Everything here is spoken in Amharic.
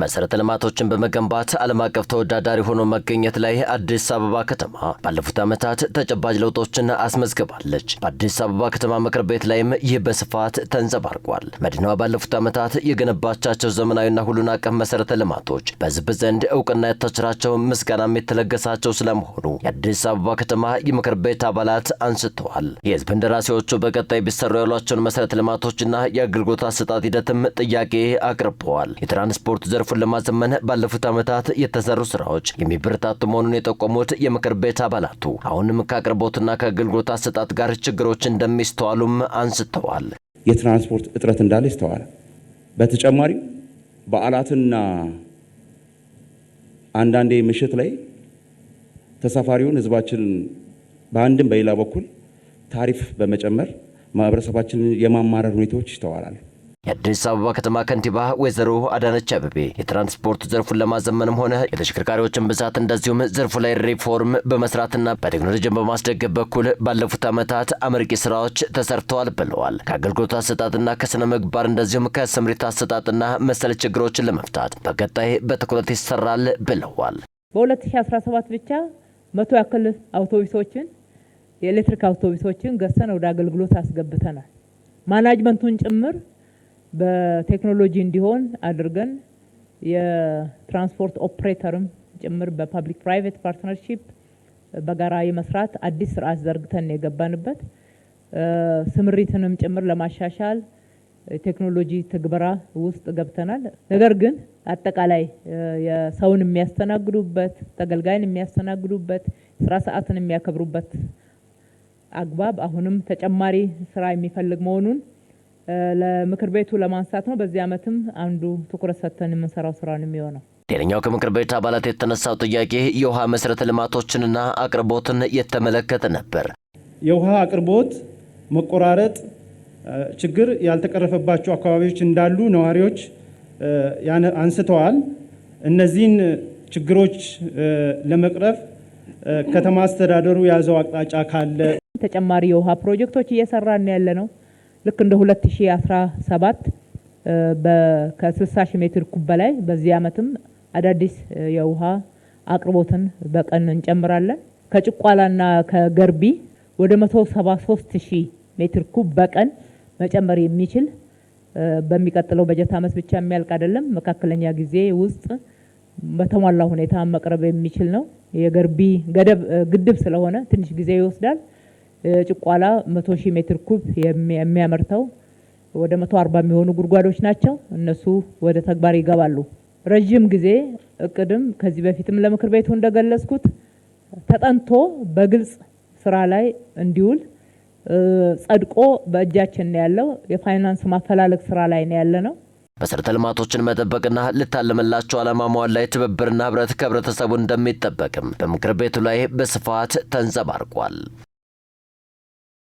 መሰረተ ልማቶችን በመገንባት ዓለም አቀፍ ተወዳዳሪ ሆኖ መገኘት ላይ አዲስ አበባ ከተማ ባለፉት ዓመታት ተጨባጭ ለውጦችን አስመዝግባለች። በአዲስ አበባ ከተማ ምክር ቤት ላይም ይህ በስፋት ተንጸባርቋል። መዲናዋ ባለፉት ዓመታት የገነባቻቸው ዘመናዊና ሁሉን አቀፍ መሰረተ ልማቶች በሕዝብ ዘንድ እውቅና የተቸራቸው፣ ምስጋናም የተለገሳቸው ስለመሆኑ የአዲስ አበባ ከተማ የምክር ቤት አባላት አንስተዋል። የሕዝብ እንደራሴዎቹ በቀጣይ ቢሰሩ ያሏቸውን መሰረተ ልማቶችና የአገልግሎት አሰጣጥ ሂደትም ጥያቄ አቅርበዋል። የትራንስፖርት ዘርፉን ለማዘመን ባለፉት ዓመታት የተሰሩ ስራዎች የሚበረታቱ መሆኑን የጠቆሙት የምክር ቤት አባላቱ አሁንም ከአቅርቦትና ከአገልግሎት አሰጣጥ ጋር ችግሮች እንደሚስተዋሉም አንስተዋል። የትራንስፖርት እጥረት እንዳለ ይስተዋላል። በተጨማሪም በዓላትና አንዳንዴ ምሽት ላይ ተሳፋሪውን ህዝባችን በአንድም በሌላ በኩል ታሪፍ በመጨመር ማህበረሰባችንን የማማረር ሁኔታዎች ይስተዋላሉ። የአዲስ አበባ ከተማ ከንቲባ ወይዘሮ አዳነች አበቤ የትራንስፖርት ዘርፉን ለማዘመንም ሆነ የተሽከርካሪዎችን ብዛት እንደዚሁም ዘርፉ ላይ ሪፎርም በመስራትና በቴክኖሎጂን በማስደገፍ በኩል ባለፉት ዓመታት አመርቂ ስራዎች ተሰርተዋል ብለዋል። ከአገልግሎት አሰጣጥና ከስነ ምግባር እንደዚሁም ከስምሪት አሰጣጥና መሰል ችግሮችን ለመፍታት በቀጣይ በትኩረት ይሰራል ብለዋል። በ2017 ብቻ መቶ ያክል አውቶቡሶችን የኤሌክትሪክ አውቶቡሶችን ገዝተን ወደ አገልግሎት አስገብተናል። ማናጅመንቱን ጭምር በቴክኖሎጂ እንዲሆን አድርገን የትራንስፖርት ኦፕሬተርም ጭምር በፐብሊክ ፕራይቬት ፓርትነርሺፕ በጋራ የመስራት አዲስ ስርዓት ዘርግተን የገባንበት ስምሪትንም ጭምር ለማሻሻል ቴክኖሎጂ ትግበራ ውስጥ ገብተናል። ነገር ግን አጠቃላይ የሰውን የሚያስተናግዱበት ተገልጋይን የሚያስተናግዱበት ስራ ሰዓትን የሚያከብሩበት አግባብ አሁንም ተጨማሪ ስራ የሚፈልግ መሆኑን ለምክር ቤቱ ለማንሳት ነው። በዚህ ዓመትም አንዱ ትኩረት ሰጥተን የምንሰራው ስራ ነው የሚሆነው። ሌላኛው ከምክር ቤት አባላት የተነሳው ጥያቄ የውሃ መሰረተ ልማቶችንና አቅርቦትን የተመለከተ ነበር። የውሃ አቅርቦት መቆራረጥ ችግር ያልተቀረፈባቸው አካባቢዎች እንዳሉ ነዋሪዎች አንስተዋል። እነዚህን ችግሮች ለመቅረፍ ከተማ አስተዳደሩ የያዘው አቅጣጫ ካለ ተጨማሪ የውሃ ፕሮጀክቶች እየሰራን ያለ ነው። ልክ እንደ 2017 ከ60 ሺህ ሜትር ኩብ በላይ በዚህ ዓመትም አዳዲስ የውሃ አቅርቦትን በቀን እንጨምራለን። ከጭቋላና ከገርቢ ወደ 173 ሺህ ሜትር ኩብ በቀን መጨመር የሚችል በሚቀጥለው በጀት ዓመት ብቻ የሚያልቅ አይደለም። መካከለኛ ጊዜ ውስጥ በተሟላ ሁኔታ መቅረብ የሚችል ነው። የገርቢ ገደብ ግድብ ስለሆነ ትንሽ ጊዜ ይወስዳል። ጭቋላ 100 ሺህ ሜትር ኩብ የሚያመርተው ወደ መቶ የሚሆኑ ጉድጓዶች ናቸው። እነሱ ወደ ተግባር ይገባሉ። ረዥም ጊዜ እቅድም ከዚህ በፊትም ለምክር ቤቱ እንደገለጽኩት ተጠንቶ በግልጽ ስራ ላይ እንዲውል ጸድቆ በእጃችን ነው ያለው። የፋይናንስ ማፈላለግ ስራ ላይ ነው ያለ ነው። መሰረተ ልማቶችን መጠበቅና ልታለመላቸው ዓላማ መዋል ላይ ትብብርና ህብረት ከህብረተሰቡ እንደሚጠበቅም በምክር ቤቱ ላይ በስፋት ተንጸባርቋል።